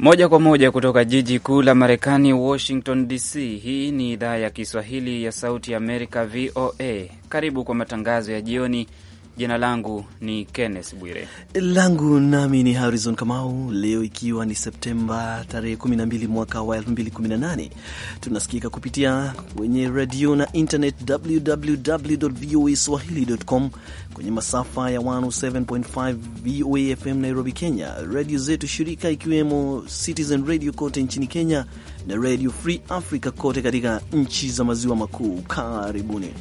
Moja kwa moja kutoka jiji kuu la Marekani, Washington DC. Hii ni idhaa ya Kiswahili ya Sauti ya Amerika, VOA. Karibu kwa matangazo ya jioni Jina langu ni Kenneth Bwire, langu nami ni Harrison Kamau. Leo ikiwa ni Septemba tarehe 12 mwaka wa 2018, tunasikika kupitia kwenye redio na internet www.voaswahili.com, kwenye masafa ya 107.5 VOA FM Nairobi, Kenya, redio zetu shirika ikiwemo Citizen Radio kote nchini Kenya na Radio Free Africa kote katika nchi za maziwa makuu. Karibuni.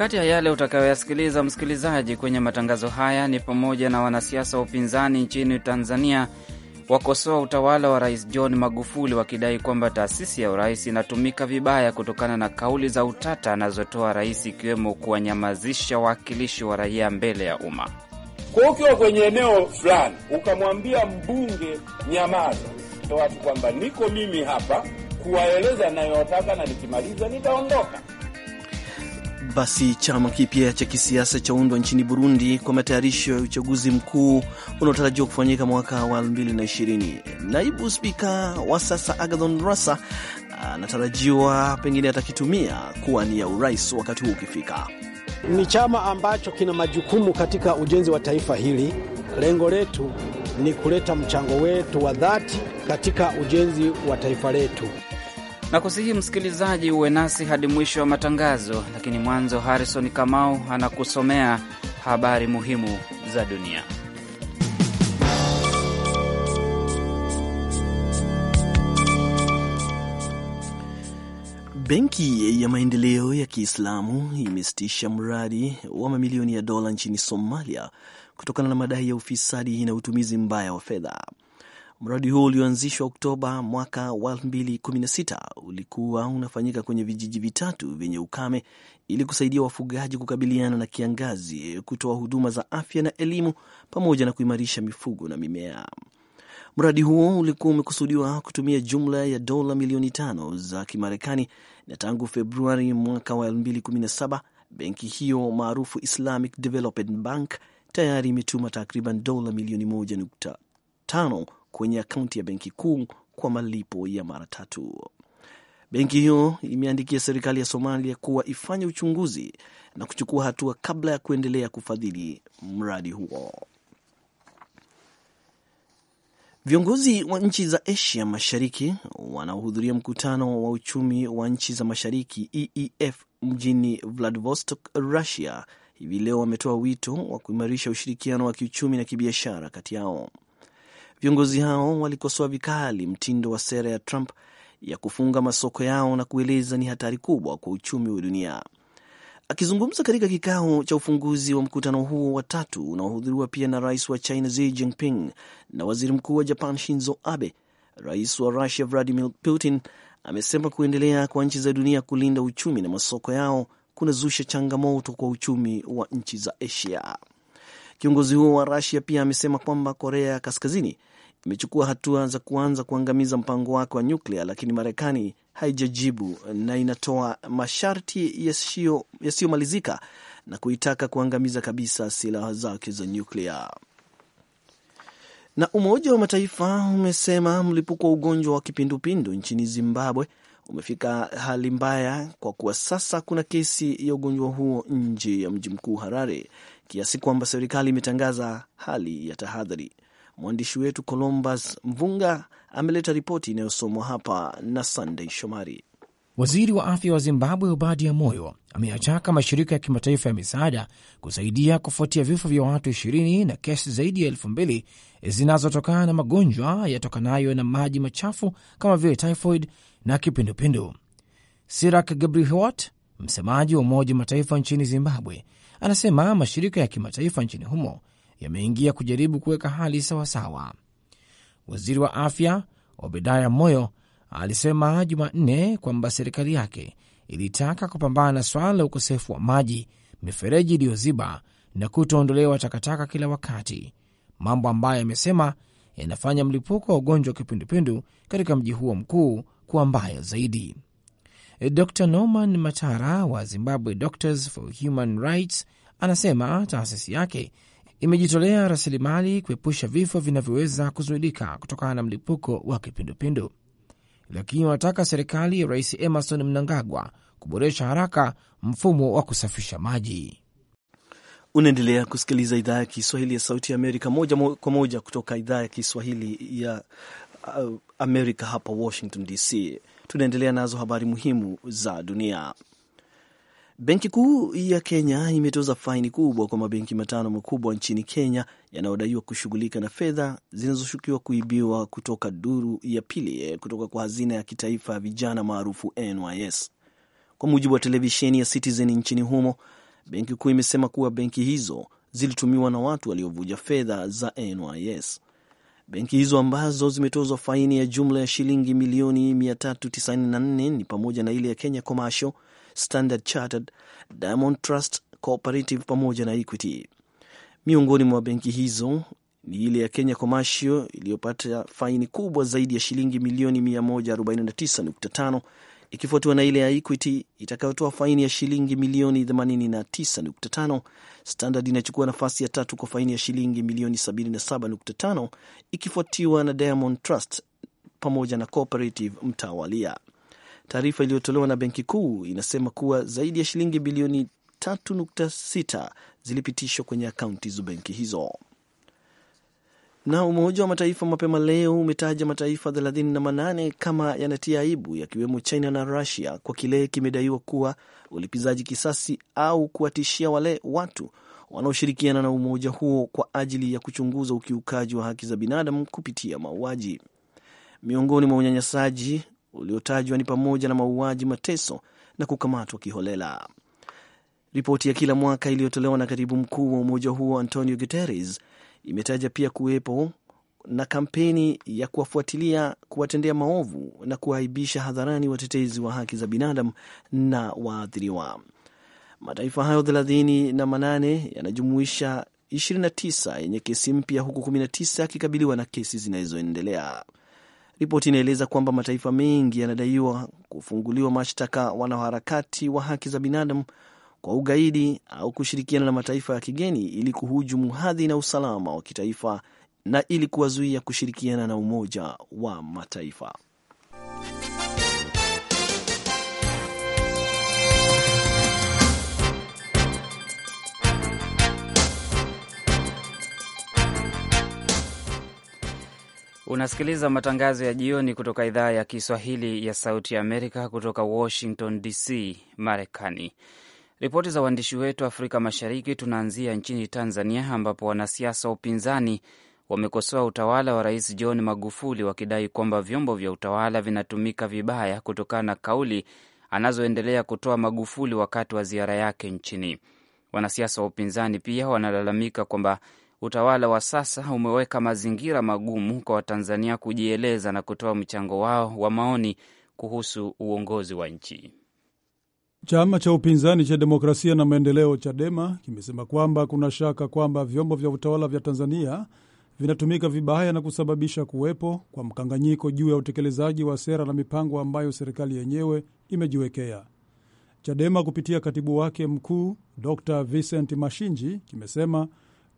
Kati ya yale utakayoyasikiliza msikilizaji kwenye matangazo haya ni pamoja na wanasiasa wa upinzani nchini Tanzania wakosoa utawala wa Rais John Magufuli wakidai kwamba taasisi ya urais inatumika vibaya kutokana na kauli za utata anazotoa rais, ikiwemo kuwanyamazisha wawakilishi wa raia mbele ya umma. Kwa ukiwa kwenye eneo fulani ukamwambia mbunge nyamaza, watu kwamba niko mimi hapa kuwaeleza nayowataka na nikimaliza nitaondoka basi chama kipya cha kisiasa chaundwa nchini Burundi kwa matayarisho ya uchaguzi mkuu unaotarajiwa kufanyika mwaka wa 2020. Naibu spika wa sasa Agathon Rasa anatarajiwa pengine atakitumia kuwa ni ya urais wakati huu ukifika. Ni chama ambacho kina majukumu katika ujenzi wa taifa hili. Lengo letu ni kuleta mchango wetu wa dhati katika ujenzi wa taifa letu na kusihi msikilizaji uwe nasi hadi mwisho wa matangazo. Lakini mwanzo, Harrison Kamau anakusomea habari muhimu za dunia. Benki ya Maendeleo ya Kiislamu imesitisha mradi wa mamilioni ya dola nchini Somalia kutokana na madai ya ufisadi na utumizi mbaya wa fedha. Mradi huo ulioanzishwa Oktoba mwaka wa 2016 ulikuwa unafanyika kwenye vijiji vitatu vyenye ukame ili kusaidia wafugaji kukabiliana na kiangazi, kutoa huduma za afya na elimu, pamoja na kuimarisha mifugo na mimea. Mradi huo ulikuwa umekusudiwa kutumia jumla ya dola milioni tano za Kimarekani, na tangu Februari mwaka wa 2017 benki hiyo maarufu Islamic Development Bank tayari imetuma takriban dola milioni tano kwenye akaunti ya benki kuu kwa malipo ya mara tatu. Benki hiyo imeandikia serikali ya Somalia kuwa ifanye uchunguzi na kuchukua hatua kabla ya kuendelea kufadhili mradi huo. Viongozi wa nchi za Asia Mashariki wanaohudhuria mkutano wa uchumi wa nchi za Mashariki EEF mjini Vladivostok, Russia hivi leo wametoa wito wa kuimarisha ushirikiano wa kiuchumi na kibiashara kati yao. Viongozi hao walikosoa vikali mtindo wa sera ya Trump ya kufunga masoko yao na kueleza ni hatari kubwa kwa uchumi wa dunia. Akizungumza katika kikao cha ufunguzi wa mkutano huo wa tatu unaohudhuriwa pia na rais wa China Xi Jinping na waziri mkuu wa Japan Shinzo Abe, rais wa Russia Vladimir Putin amesema kuendelea kwa nchi za dunia kulinda uchumi na masoko yao kunazusha changamoto kwa uchumi wa nchi za Asia. Kiongozi huo wa Russia pia amesema kwamba Korea Kaskazini imechukua hatua za kuanza kuangamiza mpango wake wa nyuklia, lakini Marekani haijajibu na inatoa masharti yasiyomalizika na kuitaka kuangamiza kabisa silaha zake za nyuklia. Na Umoja wa Mataifa umesema mlipuko wa ugonjwa wa kipindupindu nchini Zimbabwe umefika hali mbaya kwa kuwa sasa kuna kesi ya ugonjwa huo nje ya mji mkuu Harare, kiasi kwamba serikali imetangaza hali ya tahadhari. Mwandishi wetu Columbus Mvunga ameleta ripoti inayosomwa hapa na sandey Shomari. Waziri wa afya wa Zimbabwe Ubadi ya Moyo ameyataka mashirika ya kimataifa ya misaada kusaidia kufuatia vifo vya watu 20 na kesi zaidi ya elfu mbili zinazotokana na magonjwa yatokanayo na maji machafu kama vile typhoid na kipindupindu. Sirak Gebrehwot, msemaji wa Umoja wa Mataifa nchini Zimbabwe, anasema mashirika ya kimataifa nchini humo yameingia kujaribu kuweka hali sawasawa. Waziri wa afya Obedaya Moyo alisema Jumanne kwamba serikali yake ilitaka kupambana na swala la ukosefu wa maji, mifereji iliyoziba na kutoondolewa takataka kila wakati, mambo ambayo amesema yanafanya mlipuko wa ugonjwa wa kipindupindu katika mji huo mkuu kuwa mbaya zaidi. Dr Norman Matara wa Zimbabwe Doctors for Human Rights anasema taasisi yake imejitolea rasilimali kuepusha vifo vinavyoweza kuzuilika kutokana na mlipuko wa kipindupindu, lakini wanataka serikali ya Rais Emerson Mnangagwa kuboresha haraka mfumo wa kusafisha maji. Unaendelea kusikiliza idhaa ya Kiswahili ya Sauti ya Amerika moja kwa moja kutoka idhaa ya Kiswahili ya uh, Amerika hapa Washington DC. Tunaendelea nazo habari muhimu za dunia. Benki Kuu ya Kenya imetoza faini kubwa kwa mabenki matano makubwa nchini Kenya yanayodaiwa kushughulika na fedha zinazoshukiwa kuibiwa kutoka duru ya pili eh, kutoka kwa hazina ya kitaifa ya vijana maarufu NYS. Kwa mujibu wa televisheni ya Citizen nchini humo, benki kuu imesema kuwa benki hizo zilitumiwa na watu waliovuja fedha za NYS. Benki hizo ambazo zimetozwa faini ya jumla ya shilingi milioni 394 ni pamoja na ile ya Kenya Commercial Standard Chartered, Diamond Trust Cooperative pamoja na Equity. Miongoni mwa benki hizo ni ile ya Kenya Commercial iliyopata faini kubwa zaidi ya shilingi milioni 149.5 ikifuatiwa na ile ya Equity itakayotoa faini ya shilingi milioni 89.5. Standard inachukua nafasi ya tatu kwa faini ya shilingi milioni 77.5 ikifuatiwa na Diamond Trust pamoja na Cooperative mtawalia. Taarifa iliyotolewa na benki kuu inasema kuwa zaidi ya shilingi bilioni 3.6 zilipitishwa kwenye akaunti za benki hizo. Na Umoja wa Mataifa mapema leo umetaja mataifa 38 kama yanatia aibu, yakiwemo China na Rusia kwa kile kimedaiwa kuwa ulipizaji kisasi au kuwatishia wale watu wanaoshirikiana na umoja huo kwa ajili ya kuchunguza ukiukaji wa haki za binadamu kupitia mauaji. Miongoni mwa unyanyasaji uliotajwa ni pamoja na mauaji, mateso na kukamatwa kiholela. Ripoti ya kila mwaka iliyotolewa na katibu mkuu wa umoja huo Antonio Guterres imetaja pia kuwepo na kampeni ya kuwafuatilia, kuwatendea maovu na kuwaaibisha hadharani watetezi wa haki za binadamu na waathiriwa. Mataifa hayo 38 na manane yanajumuisha 29 yenye kesi mpya huku 19 yakikabiliwa na kesi zinazoendelea. Ripoti inaeleza kwamba mataifa mengi yanadaiwa kufunguliwa mashtaka wanaharakati wa haki za binadamu kwa ugaidi au kushirikiana na mataifa ya kigeni ili kuhujumu hadhi na usalama wa kitaifa na ili kuwazuia kushirikiana na Umoja wa Mataifa. Unasikiliza matangazo ya jioni kutoka idhaa ya Kiswahili ya Sauti ya Amerika kutoka Washington DC, Marekani. Ripoti za waandishi wetu Afrika Mashariki, tunaanzia nchini Tanzania ambapo wanasiasa wa upinzani wamekosoa utawala wa Rais John Magufuli wakidai kwamba vyombo vya utawala vinatumika vibaya kutokana na kauli anazoendelea kutoa Magufuli wakati wa ziara yake nchini. Wanasiasa wa upinzani pia wanalalamika kwamba utawala wa sasa umeweka mazingira magumu kwa Watanzania kujieleza na kutoa mchango wao wa maoni kuhusu uongozi wa nchi. Chama cha upinzani cha Demokrasia na Maendeleo, CHADEMA, kimesema kwamba kuna shaka kwamba vyombo vya utawala vya Tanzania vinatumika vibaya na kusababisha kuwepo kwa mkanganyiko juu ya utekelezaji wa sera na mipango ambayo serikali yenyewe imejiwekea. CHADEMA kupitia katibu wake mkuu Dr Vincent Mashinji kimesema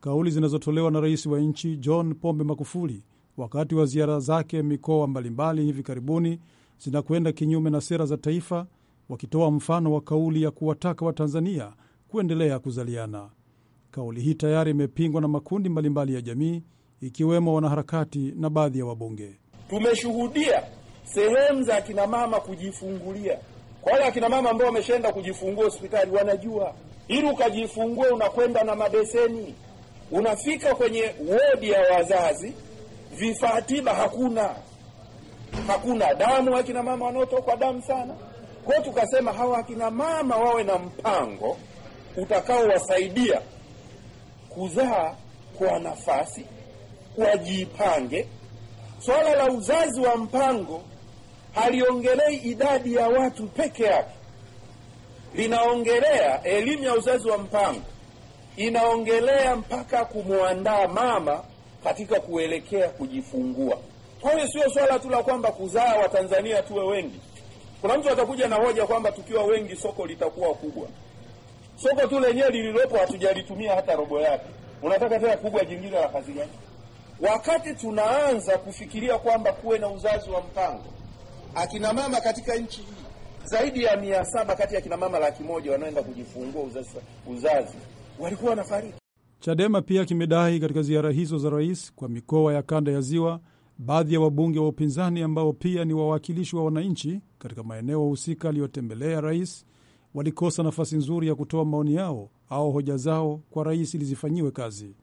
kauli zinazotolewa na rais wa nchi John Pombe Magufuli wakati wa ziara zake mikoa mbalimbali hivi karibuni zinakwenda kinyume na sera za taifa, wakitoa mfano wa kauli ya kuwataka Watanzania kuendelea kuzaliana. Kauli hii tayari imepingwa na makundi mbalimbali ya jamii ikiwemo wanaharakati na baadhi ya wabunge. Tumeshuhudia sehemu za akinamama kujifungulia. Kwa wale akinamama ambao wameshaenda kujifungua hospitali, wanajua ili ukajifungue unakwenda na mabeseni Unafika kwenye wodi ya wazazi, vifaa tiba hakuna, hakuna damu. Akina mama wanaotokwa damu sana. kwao tukasema hawa akina mama wawe na mpango utakaowasaidia kuzaa kwa nafasi, wajipange. Swala la uzazi wa mpango haliongelei idadi ya watu peke yake, linaongelea elimu ya uzazi wa mpango inaongelea mpaka kumwandaa mama katika kuelekea kujifungua. Kwa hiyo sio swala tu la kwamba kuzaa Watanzania tuwe wengi. Kuna mtu atakuja na hoja kwamba tukiwa wengi soko litakuwa kubwa. Soko tu lenyewe lililopo hatujalitumia hata robo yake, unataka tena kubwa jingine la kazi gani? Wakati tunaanza kufikiria kwamba kuwe na uzazi wa mpango, akina mama katika nchi hii zaidi ya mia saba kati ya akina mama laki moja wanaenda kujifungua uzazi, uzazi walikuwa wanafariki. Chadema pia kimedai katika ziara hizo za rais kwa mikoa ya kanda ya Ziwa baadhi ya wabunge wa upinzani ambao pia ni wawakilishi wa wananchi katika maeneo husika aliyotembelea rais walikosa nafasi nzuri ya kutoa maoni yao au hoja zao kwa rais ili zifanyiwe kazi.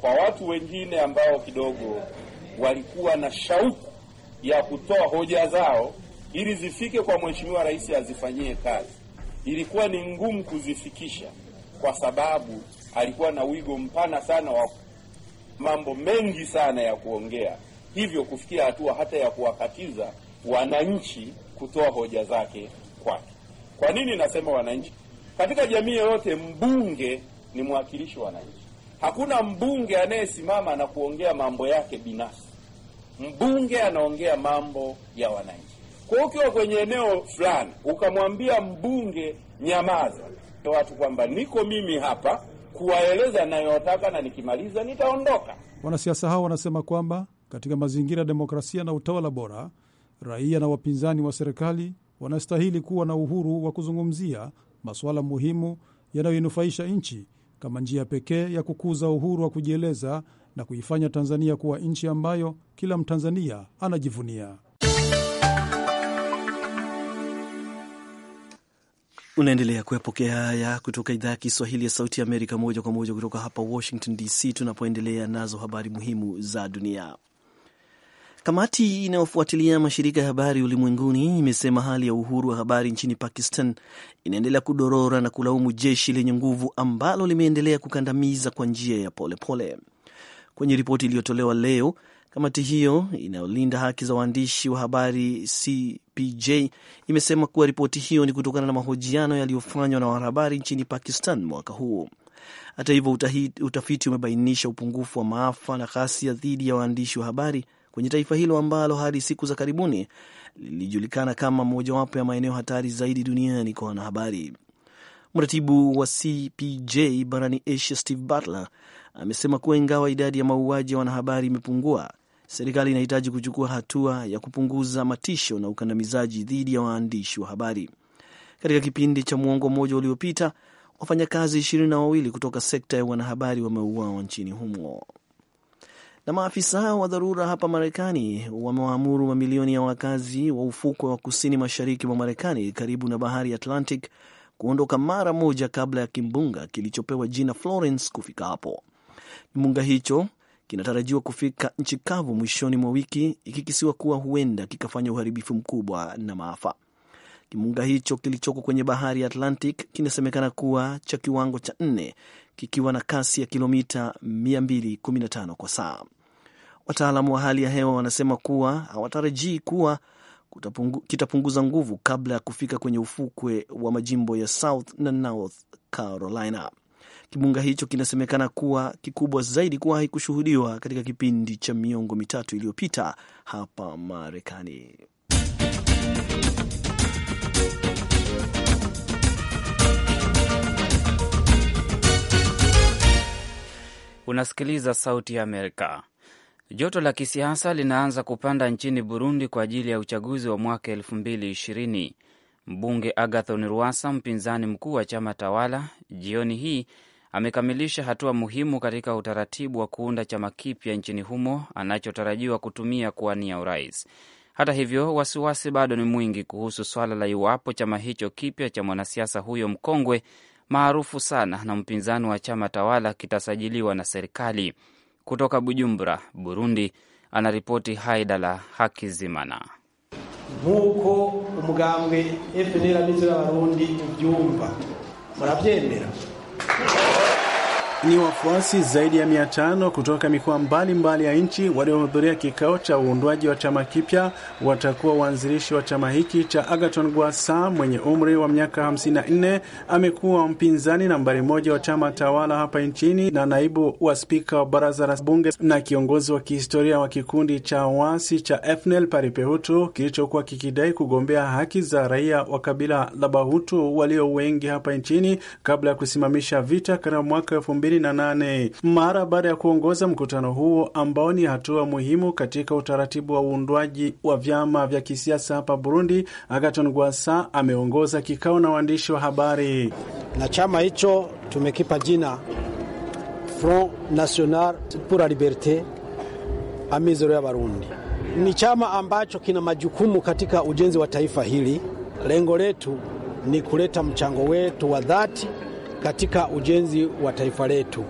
Kwa watu wengine ambao kidogo walikuwa na shauku ya kutoa hoja zao ili zifike kwa mheshimiwa rais azifanyie kazi, ilikuwa ni ngumu kuzifikisha kwa sababu alikuwa na wigo mpana sana wa mambo mengi sana ya kuongea, hivyo kufikia hatua hata ya kuwakatiza wananchi kutoa hoja zake kwake. Kwa nini nasema wananchi? Katika jamii yoyote mbunge ni mwakilishi wa wananchi. Hakuna mbunge anayesimama na kuongea mambo yake binafsi. Mbunge anaongea mambo ya wananchi. Kwa hiyo ukiwa kwenye eneo fulani ukamwambia mbunge nyamaza, watu kwamba niko mimi hapa kuwaeleza nayotaka na nikimaliza nitaondoka. Wanasiasa hao wanasema kwamba katika mazingira ya demokrasia na utawala bora, raia na wapinzani wa serikali wanastahili kuwa na uhuru wa kuzungumzia masuala muhimu yanayoinufaisha nchi kama njia pekee ya kukuza uhuru wa kujieleza na kuifanya Tanzania kuwa nchi ambayo kila Mtanzania anajivunia. Unaendelea kuyapokea haya kutoka idhaa ya Kiswahili ya Sauti ya Amerika, moja kwa moja kutoka hapa Washington DC, tunapoendelea nazo habari muhimu za dunia. Kamati inayofuatilia mashirika ya habari ulimwenguni imesema hali ya uhuru wa habari nchini Pakistan inaendelea kudorora na kulaumu jeshi lenye nguvu ambalo limeendelea kukandamiza kwa njia ya polepole pole. Kwenye ripoti iliyotolewa leo, Kamati hiyo inayolinda haki za waandishi wa habari CPJ imesema kuwa ripoti hiyo ni kutokana na mahojiano yaliyofanywa na wanahabari nchini Pakistan mwaka huo. Hata hivyo, utafiti umebainisha upungufu wa maafa na ghasia dhidi ya waandishi wa habari kwenye taifa hilo ambalo hadi siku za karibuni lilijulikana kama mojawapo ya maeneo hatari zaidi duniani kwa wanahabari. Mratibu wa CPJ barani Asia, Steve Butler amesema kuwa ingawa idadi ya mauaji ya wanahabari imepungua, serikali inahitaji kuchukua hatua ya kupunguza matisho na ukandamizaji dhidi ya waandishi wa habari. Katika kipindi cha mwongo mmoja uliopita, wafanyakazi ishirini na wawili kutoka sekta ya wanahabari wameuawa nchini humo. Na maafisa wa dharura hapa Marekani wamewaamuru mamilioni ya wakazi wa ufukwe wa kusini mashariki mwa Marekani karibu na bahari Atlantic kuondoka mara moja kabla ya kimbunga kilichopewa jina Florence kufika hapo. Kimbunga hicho kinatarajiwa kufika nchi kavu mwishoni mwa wiki, ikikisiwa kuwa huenda kikafanya uharibifu mkubwa na maafa. Kimbunga hicho kilichoko kwenye bahari ya Atlantic kinasemekana kuwa cha kiwango cha nne kikiwa na kasi ya kilomita 215 kwa saa. Wataalamu wa hali ya hewa wanasema kuwa hawatarajii kuwa kutapungu, kitapunguza nguvu kabla ya kufika kwenye ufukwe wa majimbo ya South na North Carolina. Kimbunga hicho kinasemekana kuwa kikubwa zaidi kuwahi kushuhudiwa katika kipindi cha miongo mitatu iliyopita hapa Marekani. Unasikiliza Sauti ya Amerika. Joto la kisiasa linaanza kupanda nchini Burundi kwa ajili ya uchaguzi wa mwaka elfu mbili ishirini. Mbunge Agathon Rwasa, mpinzani mkuu wa chama tawala, jioni hii amekamilisha hatua muhimu katika utaratibu wa kuunda chama kipya nchini humo anachotarajiwa kutumia kuwania urais. Hata hivyo, wasiwasi bado ni mwingi kuhusu swala la iwapo chama hicho kipya cha mwanasiasa huyo mkongwe maarufu sana na mpinzani wa chama tawala kitasajiliwa na serikali. Kutoka Bujumbura, Burundi, anaripoti Haidala Hakizimana. nkuko umugambwe FNL amizo y'abarundi ubyumva murabyemera Thank you. Ni wafuasi zaidi ya mia tano kutoka mikoa mbalimbali ya nchi waliohudhuria kikao cha uundwaji wa chama kipya. Watakuwa waanzilishi wa chama hiki cha Agaton guasa mwenye umri wa miaka 54 amekuwa mpinzani nambari moja wa chama tawala hapa nchini na naibu wa spika wa baraza la bunge na kiongozi wa kihistoria wa kikundi cha wasi cha FNL Paripehutu kilichokuwa kikidai kugombea haki za raia wa kabila la Bahutu walio wengi hapa nchini kabla ya kusimamisha vita katika mwaka elfu mbili 28 mara baada ya kuongoza mkutano huo ambao ni hatua muhimu katika utaratibu wa uundwaji wa vyama vya kisiasa hapa Burundi. Agaton guasa ameongoza kikao na waandishi wa habari. Na chama hicho tumekipa jina Front National pour la Liberte Amizero ya Barundi. Ni chama ambacho kina majukumu katika ujenzi wa taifa hili. Lengo letu ni kuleta mchango wetu wa dhati katika ujenzi wa taifa letu,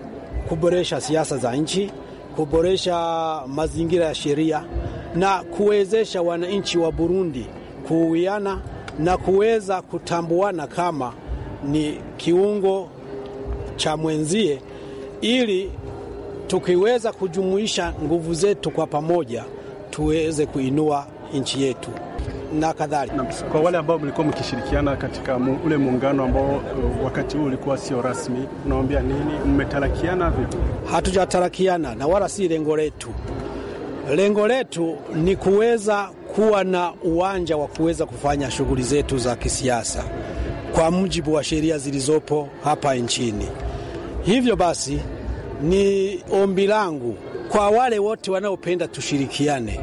kuboresha siasa za nchi, kuboresha mazingira ya sheria na kuwezesha wananchi wa Burundi kuuiana na kuweza kutambuana kama ni kiungo cha mwenzie, ili tukiweza kujumuisha nguvu zetu kwa pamoja tuweze kuinua nchi yetu na kadhalika. Kwa wale ambao mlikuwa mkishirikiana katika mu, ule muungano ambao uh, wakati huu ulikuwa sio rasmi, unawaambia nini? Mmetarakiana vipi? Hatujatarakiana na wala si lengo letu. Lengo letu ni kuweza kuwa na uwanja wa kuweza kufanya shughuli zetu za kisiasa kwa mujibu wa sheria zilizopo hapa nchini. Hivyo basi, ni ombi langu kwa wale wote wanaopenda tushirikiane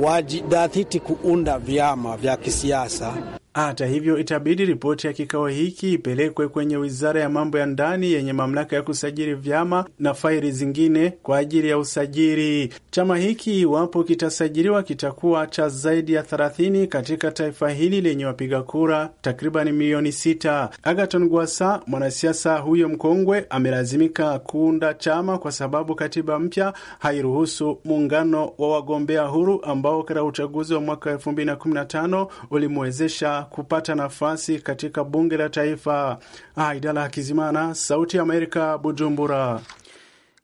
wajidhatiti kuunda vyama vya kisiasa hata hivyo, itabidi ripoti ya kikao hiki ipelekwe kwenye wizara ya mambo ya ndani yenye mamlaka ya kusajili vyama na faili zingine kwa ajili ya usajili. Chama hiki iwapo kitasajiliwa, kitakuwa cha zaidi ya 30 katika taifa hili lenye wapiga kura takribani milioni sita. Agaton Gwasa, mwanasiasa huyo mkongwe, amelazimika kuunda chama kwa sababu katiba mpya hairuhusu muungano wa wagombea huru ambao katika uchaguzi wa mwaka 2015 ulimwezesha kupata nafasi katika bunge la taifa. Aidala ah, Kizimana, Sauti ya Amerika, Bujumbura.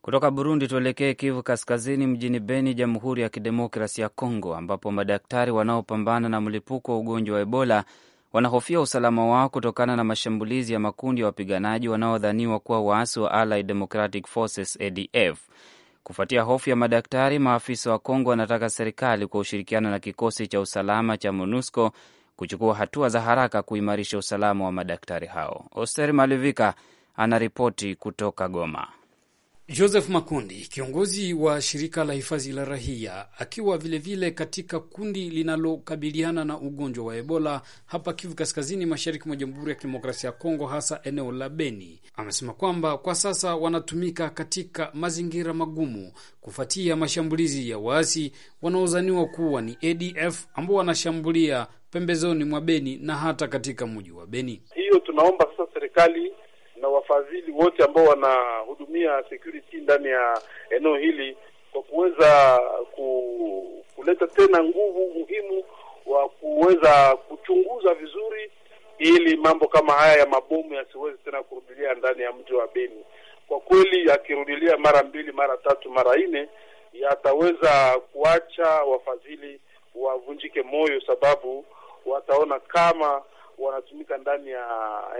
Kutoka Burundi tuelekee Kivu Kaskazini, mjini Beni, Jamhuri ya Kidemokrasi ya Kongo, ambapo madaktari wanaopambana na mlipuko wa ugonjwa wa Ebola wanahofia usalama wao kutokana na mashambulizi ya makundi ya wapiganaji wanaodhaniwa kuwa waasi wa Allied Democratic Forces ADF. Kufuatia hofu ya madaktari, maafisa wa Kongo wanataka serikali kwa ushirikiano na kikosi cha usalama cha MONUSCO kuchukua hatua za haraka kuimarisha usalama wa madaktari hao. Oster Malivika anaripoti kutoka Goma. Joseph Makundi, kiongozi wa shirika la hifadhi la Rahia, akiwa vilevile vile katika kundi linalokabiliana na ugonjwa wa Ebola hapa Kivu Kaskazini, mashariki mwa Jamhuri ya Kidemokrasia ya Kongo, hasa eneo la Beni, amesema kwamba kwa sasa wanatumika katika mazingira magumu kufuatia mashambulizi ya waasi wanaozaniwa kuwa ni ADF ambao wanashambulia pembezoni mwa Beni na hata katika mji wa Beni. Hiyo tunaomba sasa serikali na wafadhili wote ambao wanahudumia security ndani ya eneo hili kwa kuweza ku, kuleta tena nguvu muhimu wa kuweza kuchunguza vizuri ili mambo kama haya ya mabomu yasiwezi tena kurudilia ndani ya mji wa Beni. Kwa kweli yakirudilia mara mbili, mara tatu, mara nne, yataweza kuacha wafadhili wavunjike moyo, sababu wataona kama wanatumika ndani ya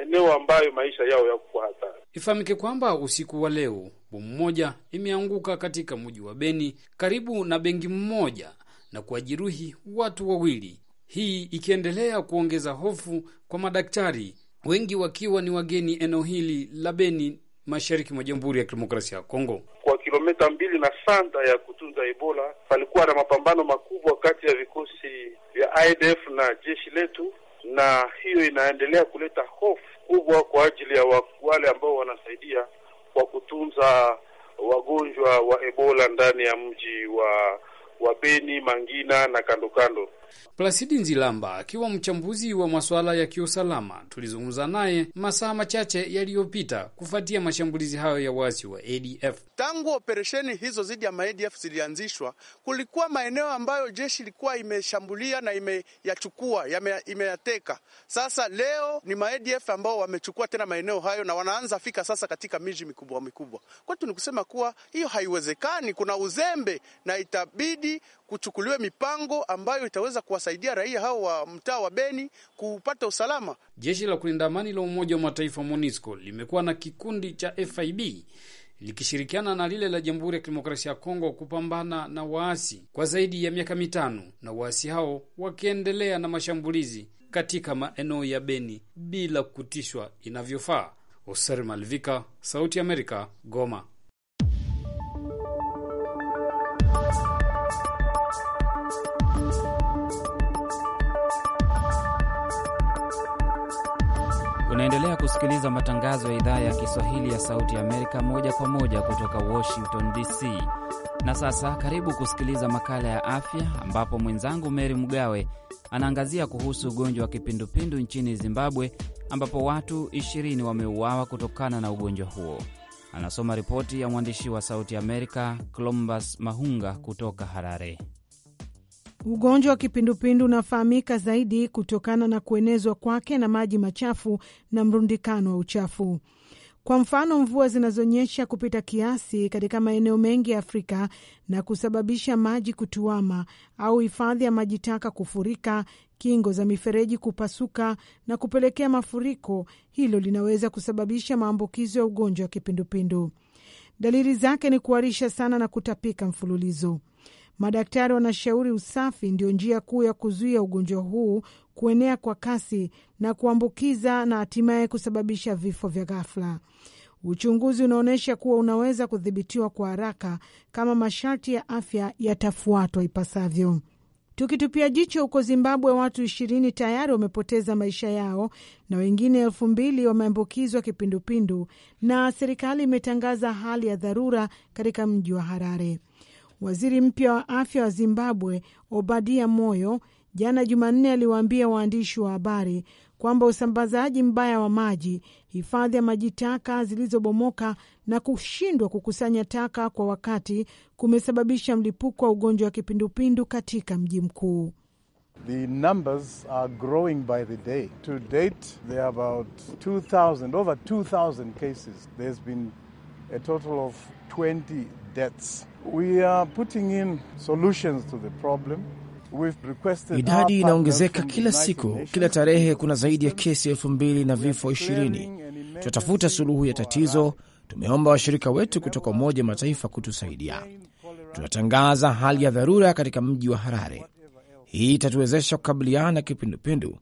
eneo ambayo maisha yao yako hatari. Ifahamike kwamba usiku wa leo bomu moja imeanguka katika mji wa Beni karibu na benki mmoja na kuwajeruhi watu wawili, hii ikiendelea kuongeza hofu kwa madaktari wengi wakiwa ni wageni eneo hili la Beni mashariki mwa Jamhuri ya Kidemokrasia ya Kongo. Kwa kilomita mbili na santa ya kutunza Ebola, palikuwa na mapambano makubwa kati ya vikosi vya IDF na jeshi letu na hiyo inaendelea kuleta hofu kubwa kwa ajili ya wale ambao wanasaidia kwa kutunza wagonjwa wa Ebola ndani ya mji wa wa Beni, Mangina na kando kando. Plasidi Nzilamba akiwa mchambuzi wa masuala ya kiusalama, tulizungumza naye masaa machache yaliyopita kufuatia mashambulizi hayo ya waasi wa ADF. Tangu operesheni hizo dhidi ya maADF zilianzishwa, kulikuwa maeneo ambayo jeshi ilikuwa imeshambulia na imeyachukua imeyateka. Sasa leo ni maADF ambao wamechukua tena maeneo hayo na wanaanza fika sasa katika miji mikubwa mikubwa. Kwetu ni kusema kuwa hiyo haiwezekani, kuna uzembe na itabidi kuchukuliwe mipango ambayo itaweza kuwasaidia raia hao wa mtaa wa Beni kupata usalama. Jeshi la kulinda amani la Umoja wa Mataifa MONUSCO limekuwa na kikundi cha FIB likishirikiana na lile la Jamhuri ya Kidemokrasia ya Kongo kupambana na waasi kwa zaidi ya miaka mitano, na waasi hao wakiendelea na mashambulizi katika maeneo ya Beni bila kutishwa inavyofaa. Hoser Malvika, Sauti ya Amerika, Goma. Unaendelea kusikiliza matangazo ya idhaa ya Kiswahili ya Sauti ya Amerika moja kwa moja kutoka Washington DC. Na sasa karibu kusikiliza makala ya afya, ambapo mwenzangu Meri Mgawe anaangazia kuhusu ugonjwa wa kipindupindu nchini Zimbabwe, ambapo watu 20 wameuawa kutokana na ugonjwa huo. Anasoma ripoti ya mwandishi wa Sauti Amerika Columbus Mahunga kutoka Harare. Ugonjwa wa kipindupindu unafahamika zaidi kutokana na kuenezwa kwake na maji machafu na mrundikano wa uchafu. Kwa mfano, mvua zinazonyesha kupita kiasi katika maeneo mengi ya Afrika na kusababisha maji kutuama au hifadhi ya maji taka kufurika, kingo za mifereji kupasuka na kupelekea mafuriko. Hilo linaweza kusababisha maambukizo ya ugonjwa wa kipindupindu. Dalili zake ni kuharisha sana na kutapika mfululizo. Madaktari wanashauri usafi ndio njia kuu ya kuzuia ugonjwa huu kuenea kwa kasi na kuambukiza na hatimaye kusababisha vifo vya ghafla. Uchunguzi unaonyesha kuwa unaweza kudhibitiwa kwa haraka kama masharti ya afya yatafuatwa ipasavyo. Tukitupia jicho huko Zimbabwe, watu ishirini tayari wamepoteza maisha yao na wengine elfu mbili wameambukizwa kipindupindu na serikali imetangaza hali ya dharura katika mji wa Harare. Waziri mpya wa afya wa Zimbabwe, Obadia Moyo, jana Jumanne, aliwaambia waandishi wa habari kwamba usambazaji mbaya wa maji, hifadhi ya maji taka zilizobomoka na kushindwa kukusanya taka kwa wakati kumesababisha mlipuko wa ugonjwa wa kipindupindu katika mji mkuu. The numbers are growing by the day. To date, there are about 2,000, over 2,000 cases. There's been a total of 20 deaths. We are putting in solutions to the problem. Idadi inaongezeka kila siku, kila tarehe kuna zaidi ya kesi elfu mbili na vifo ishirini. Tunatafuta suluhu ya tatizo. Tumeomba washirika wetu kutoka Umoja wa Mataifa kutusaidia. Tunatangaza hali ya dharura katika mji wa Harare. Hii itatuwezesha kukabiliana na kipindupindu,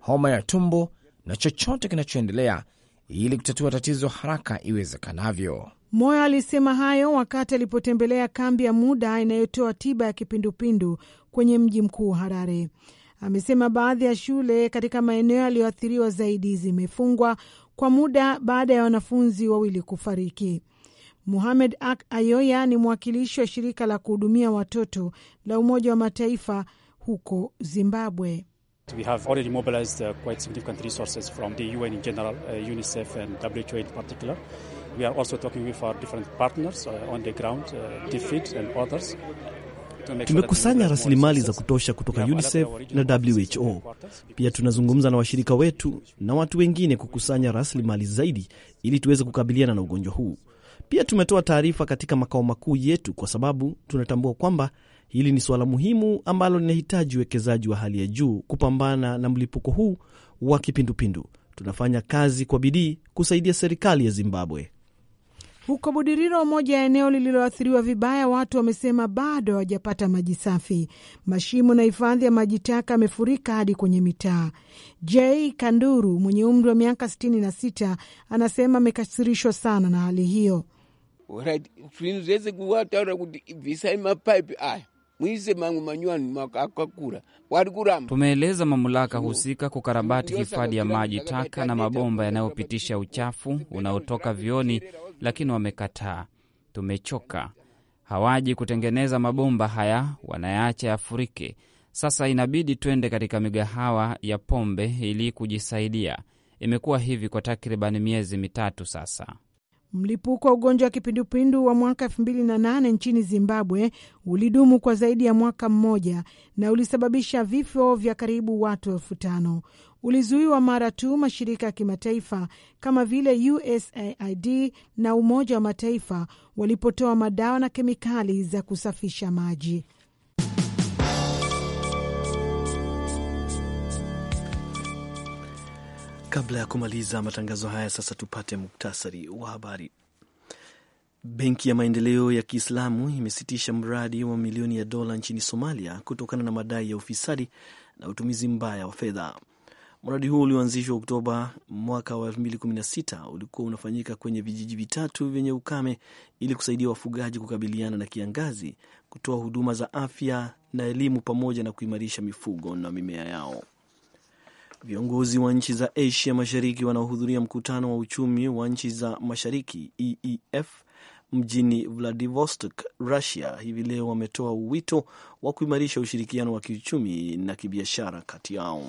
homa ya tumbo na chochote kinachoendelea, ili kutatua tatizo haraka iwezekanavyo. Moyo alisema hayo wakati alipotembelea kambi ya muda inayotoa tiba ya kipindupindu kwenye mji mkuu Harare. Amesema baadhi ya shule katika maeneo yaliyoathiriwa zaidi zimefungwa kwa muda baada ya wanafunzi wawili kufariki. Muhamed Ak Ayoya ni mwakilishi wa shirika la kuhudumia watoto la Umoja wa Mataifa huko Zimbabwe. We have already mobilized uh, quite significant resources from the UN in general, uh, UNICEF and WHO in particular. We are also talking with our different partners uh, on the ground, uh, DFID and others. Tumekusanya rasilimali za kutosha kutoka UNICEF na WHO. Pia tunazungumza na washirika wetu na watu wengine kukusanya rasilimali zaidi ili tuweze kukabiliana na ugonjwa huu. Pia tumetoa taarifa katika makao makuu yetu kwa sababu tunatambua kwamba hili ni suala muhimu ambalo linahitaji uwekezaji wa hali ya juu kupambana na mlipuko huu wa kipindupindu. Tunafanya kazi kwa bidii kusaidia serikali ya Zimbabwe. Huko Budiriro, moja ya eneo lililoathiriwa vibaya, watu wamesema bado hawajapata maji safi. Mashimo na hifadhi ya maji taka yamefurika hadi kwenye mitaa. J Kanduru mwenye umri wa miaka 66 anasema amekasirishwa sana na hali hiyo mwize mangu manywani makakakura walikuramba. Tumeeleza mamlaka husika kukarabati hifadhi ya maji taka na mabomba yanayopitisha uchafu unaotoka vioni, lakini wamekataa. Tumechoka, hawaji kutengeneza mabomba haya, wanayaacha yafurike. Sasa inabidi twende katika migahawa ya pombe ili kujisaidia. Imekuwa hivi kwa takribani miezi mitatu sasa. Mlipuko wa ugonjwa wa kipindupindu wa mwaka 2008 nchini Zimbabwe ulidumu kwa zaidi ya mwaka mmoja na ulisababisha vifo vya karibu watu elfu tano. Ulizuiwa mara tu mashirika ya kimataifa kama vile USAID na Umoja wa Mataifa walipotoa madawa na kemikali za kusafisha maji. Kabla ya kumaliza matangazo haya, sasa tupate muktasari wa habari. Benki ya Maendeleo ya Kiislamu imesitisha mradi wa milioni ya dola nchini Somalia kutokana na madai ya ufisadi na utumizi mbaya wa fedha. Mradi huo ulioanzishwa Oktoba mwaka wa 2016 ulikuwa unafanyika kwenye vijiji vitatu vyenye ukame ili kusaidia wafugaji kukabiliana na kiangazi, kutoa huduma za afya na elimu, pamoja na kuimarisha mifugo na mimea yao. Viongozi wa nchi za Asia Mashariki wanaohudhuria mkutano wa uchumi wa nchi za Mashariki EEF mjini Vladivostok, Russia hivi leo wametoa wito wa kuimarisha ushirikiano wa kiuchumi na kibiashara kati yao.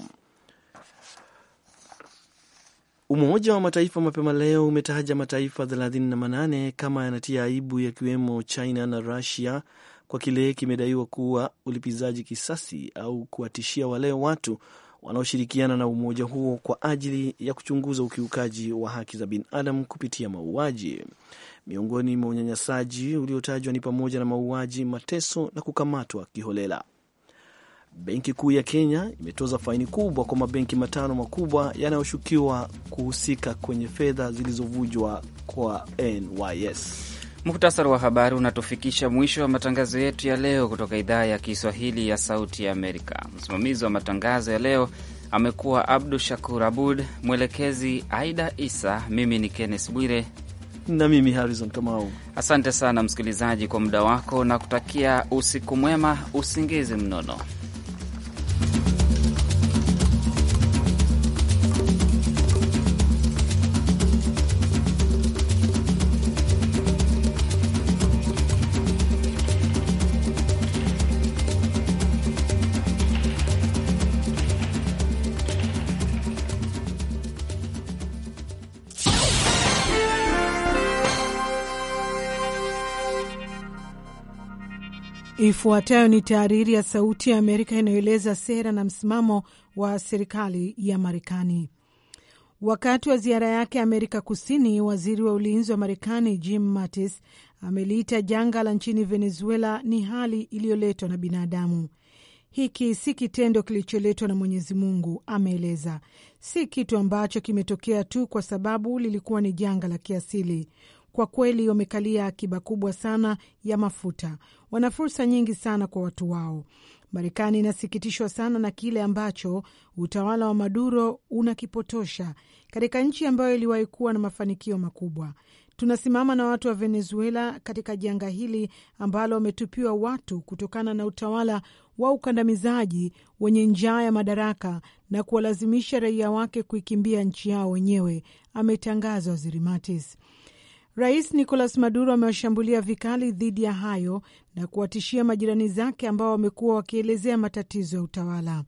Umoja wa Mataifa mapema leo umetaja mataifa 38 kama yanatia aibu, yakiwemo China na Russia kwa kile kimedaiwa kuwa ulipizaji kisasi au kuwatishia wale watu wanaoshirikiana na umoja huo kwa ajili ya kuchunguza ukiukaji wa haki za binadamu kupitia mauaji. Miongoni mwa unyanyasaji uliotajwa ni pamoja na mauaji, mateso na kukamatwa kiholela. Benki Kuu ya Kenya imetoza faini kubwa kwa mabenki matano makubwa yanayoshukiwa kuhusika kwenye fedha zilizovujwa kwa NYS. Muhtasari wa habari unatufikisha mwisho wa matangazo yetu ya leo kutoka idhaa ya Kiswahili ya Sauti ya Amerika. Msimamizi wa matangazo ya leo amekuwa Abdu Shakur Abud, mwelekezi Aida Isa, mimi ni Kenneth Bwire na mimi Harrison Kamau. Asante sana msikilizaji kwa muda wako na kutakia usiku mwema, usingizi mnono. Ifuatayo ni tahariri ya Sauti ya Amerika inayoeleza sera na msimamo wa serikali ya Marekani. Wakati wa ziara yake Amerika Kusini, waziri wa ulinzi wa Marekani Jim Mattis ameliita janga la nchini Venezuela ni hali iliyoletwa na binadamu. Hiki si kitendo kilicholetwa na Mwenyezi Mungu, ameeleza. Si kitu ambacho kimetokea tu kwa sababu lilikuwa ni janga la kiasili kwa kweli wamekalia akiba kubwa sana ya mafuta. Wana fursa nyingi sana kwa watu wao. Marekani inasikitishwa sana na kile ambacho utawala wa Maduro unakipotosha katika nchi ambayo iliwahi kuwa na mafanikio makubwa. Tunasimama na watu wa Venezuela katika janga hili ambalo wametupiwa watu kutokana na utawala wa ukandamizaji wenye njaa ya madaraka na kuwalazimisha raia wake kuikimbia nchi yao wenyewe, ametangaza Waziri Mattis. Rais Nicolas Maduro amewashambulia vikali dhidi ya hayo na kuwatishia majirani zake ambao wamekuwa wakielezea matatizo ya utawala.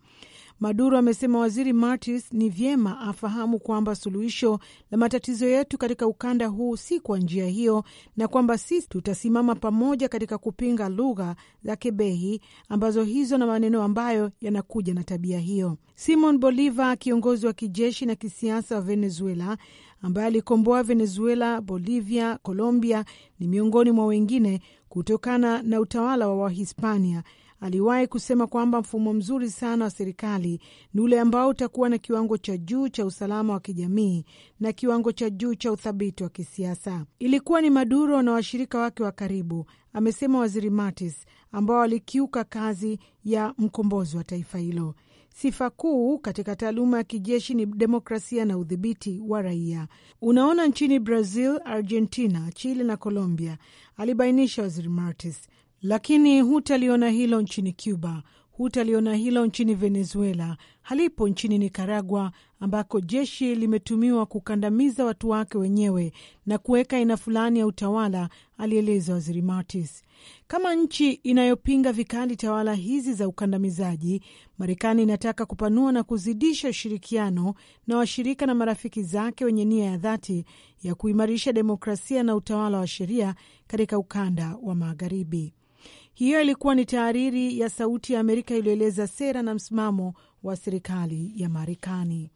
Maduro amesema waziri Martis ni vyema afahamu kwamba suluhisho la matatizo yetu katika ukanda huu si kwa njia hiyo, na kwamba sisi tutasimama pamoja katika kupinga lugha za kebehi ambazo hizo na maneno ambayo yanakuja na tabia hiyo. Simon Bolivar, kiongozi wa kijeshi na kisiasa wa Venezuela, ambaye alikomboa Venezuela, Bolivia, Colombia ni miongoni mwa wengine kutokana na utawala wa Wahispania. Aliwahi kusema kwamba mfumo mzuri sana wa serikali ni ule ambao utakuwa na kiwango cha juu cha usalama wa kijamii na kiwango cha juu cha uthabiti wa kisiasa. Ilikuwa ni Maduro na washirika wake wa karibu, amesema Waziri matis ambao walikiuka kazi ya mkombozi wa taifa hilo. Sifa kuu katika taaluma ya kijeshi ni demokrasia na udhibiti wa raia. Unaona nchini Brazil, Argentina, Chile na Colombia, alibainisha Waziri Martis, lakini hutaliona hilo nchini Cuba. Hutaliona hilo nchini Venezuela, halipo nchini Nikaragua, ambako jeshi limetumiwa kukandamiza watu wake wenyewe na kuweka aina fulani ya utawala, alieleza waziri Mattis. Kama nchi inayopinga vikali tawala hizi za ukandamizaji, Marekani inataka kupanua na kuzidisha ushirikiano na washirika na marafiki zake wenye nia ya dhati ya kuimarisha demokrasia na utawala wa sheria katika ukanda wa Magharibi. Hiyo ilikuwa ni tahariri ya Sauti ya Amerika iliyoeleza sera na msimamo wa serikali ya Marekani.